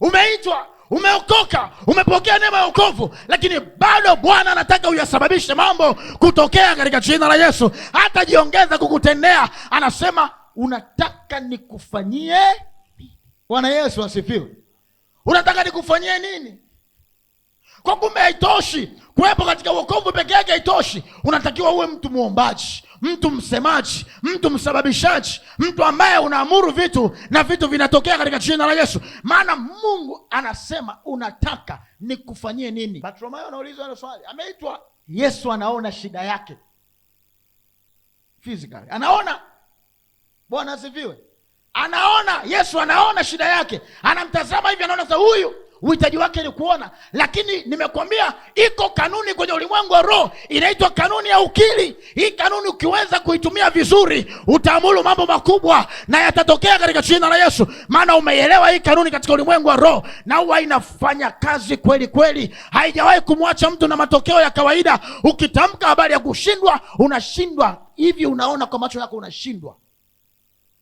umeitwa umeokoka umepokea neema ya wokovu lakini bado bwana anataka uyasababishe mambo kutokea katika jina la yesu hata jiongeza kukutendea anasema unataka nikufanyie bwana yesu asifiwe unataka nikufanyie nini kwa kumbe haitoshi kuwepo katika uokovu haitoshi, unatakiwa uwe mtu mwombaji, mtu msemaji, mtu msababishaji, mtu ambaye unaamuru vitu na vitu vinatokea katika jina la Yesu, maana Mungu anasema unataka nikufanyie nini? Bartimayo anaulizwa hilo swali, ameitwa Yesu anaona shida yake physically, anaona Bwana asifiwe, anaona Yesu anaona shida yake, anamtazama hivi, anaona sasa huyu uhitaji wake ni kuona, lakini nimekwambia iko kanuni ulimwengu wa roho inaitwa kanuni ya ukiri. Hii kanuni ukiweza kuitumia vizuri, utaamuru mambo makubwa na yatatokea katika jina la Yesu, maana umeielewa hii kanuni katika ulimwengu wa roho, na huwa inafanya kazi kweli kweli, haijawahi kumwacha mtu na matokeo ya kawaida. Ukitamka habari ya kushindwa, unashindwa hivi, unaona kwa macho yako unashindwa